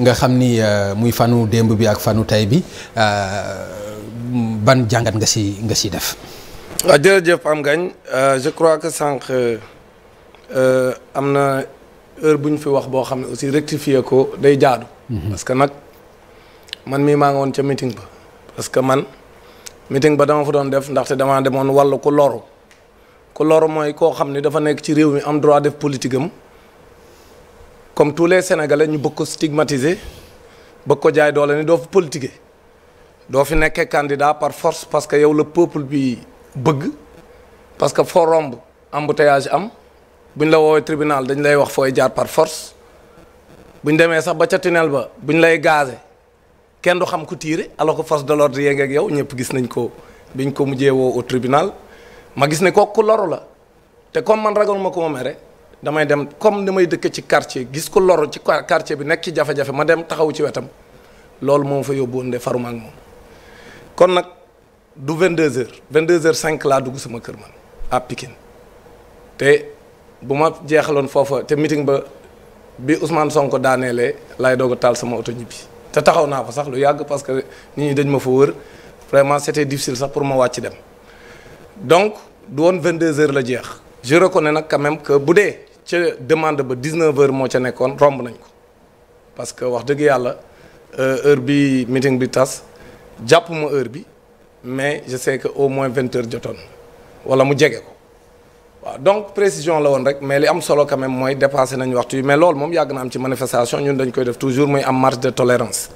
nga xam ni euh, muy fanu démb bi ak fanu tay bi euh, ban jàngat nga si nga si def. waaw ah, jërëjëf Pam Gagne euh, je crois que sànq am na heure bu ñu fi wax boo xam ne aussi rectifier ko day jaadu. Mhm. parce que nag man mii maa ngi woon ca meeting ba. parce que man meeting ba dama fa doon def ndaxte damaa demoon wàllu ku loru ku loru mooy koo xam ne dafa nekk ci réew mi am droit def politique comme tous les sénégalais ñu bëgg ko stigmatiser bëgg ko jaay doole ni doo fi politiquer doo fi nekkee candidat par force parce que yow la peuple bi bëgg parce que foo romb embouteillage am bu ñu la woowee tribunal dañ lay wax fooy jaar par force bu ñu demee sax ba ca tunnel ba bu ñu lay gazé kenn du xam ku tiire alors que force de l'ordre yee ngeeg yow ñëpp gis nañ ko biñ ko mujjee woo au tribunal ma gis ne kooku loru la te comme man ragal ma ma mere damay dem comme damay dëkk ci quartier gis ko loru ci quartier bi nekk ci jafe-jafe ma dem taxaw ci wetam loolu moom fa yóbbuwoon de faruma ak moom kon nag du vingt 22 vingt 22 h cinq laa dugg sama kër man à Pikine te bu ma jeexaloon foofa te meeting ba bi Ousmane Sonko daaneelee laay doog a taal sama oto ñibbi te taxaw naa ko sax lu yàgg parce que nit ñi dañ ma fa wër vraiment c'était difficile sax pour ma wàcc dem donc du woon 22h la jeex je reconnais nag même que bu dee. ca demande ba 19 heures moo ca nekkoon romb nañ ko parce que wax dëgg yàlla euh, heure bi meeting bi tas jàppuma heure bi mais je sais que au moins 20 heures jotoon wala mu jege ko waaw donc précision la woon rek mais li am solo quand mooy dépassé nañ waxtu yi mais loolu moom yàgg na am ci manifestation ñun dañ koy def toujours muy am marge de tolérance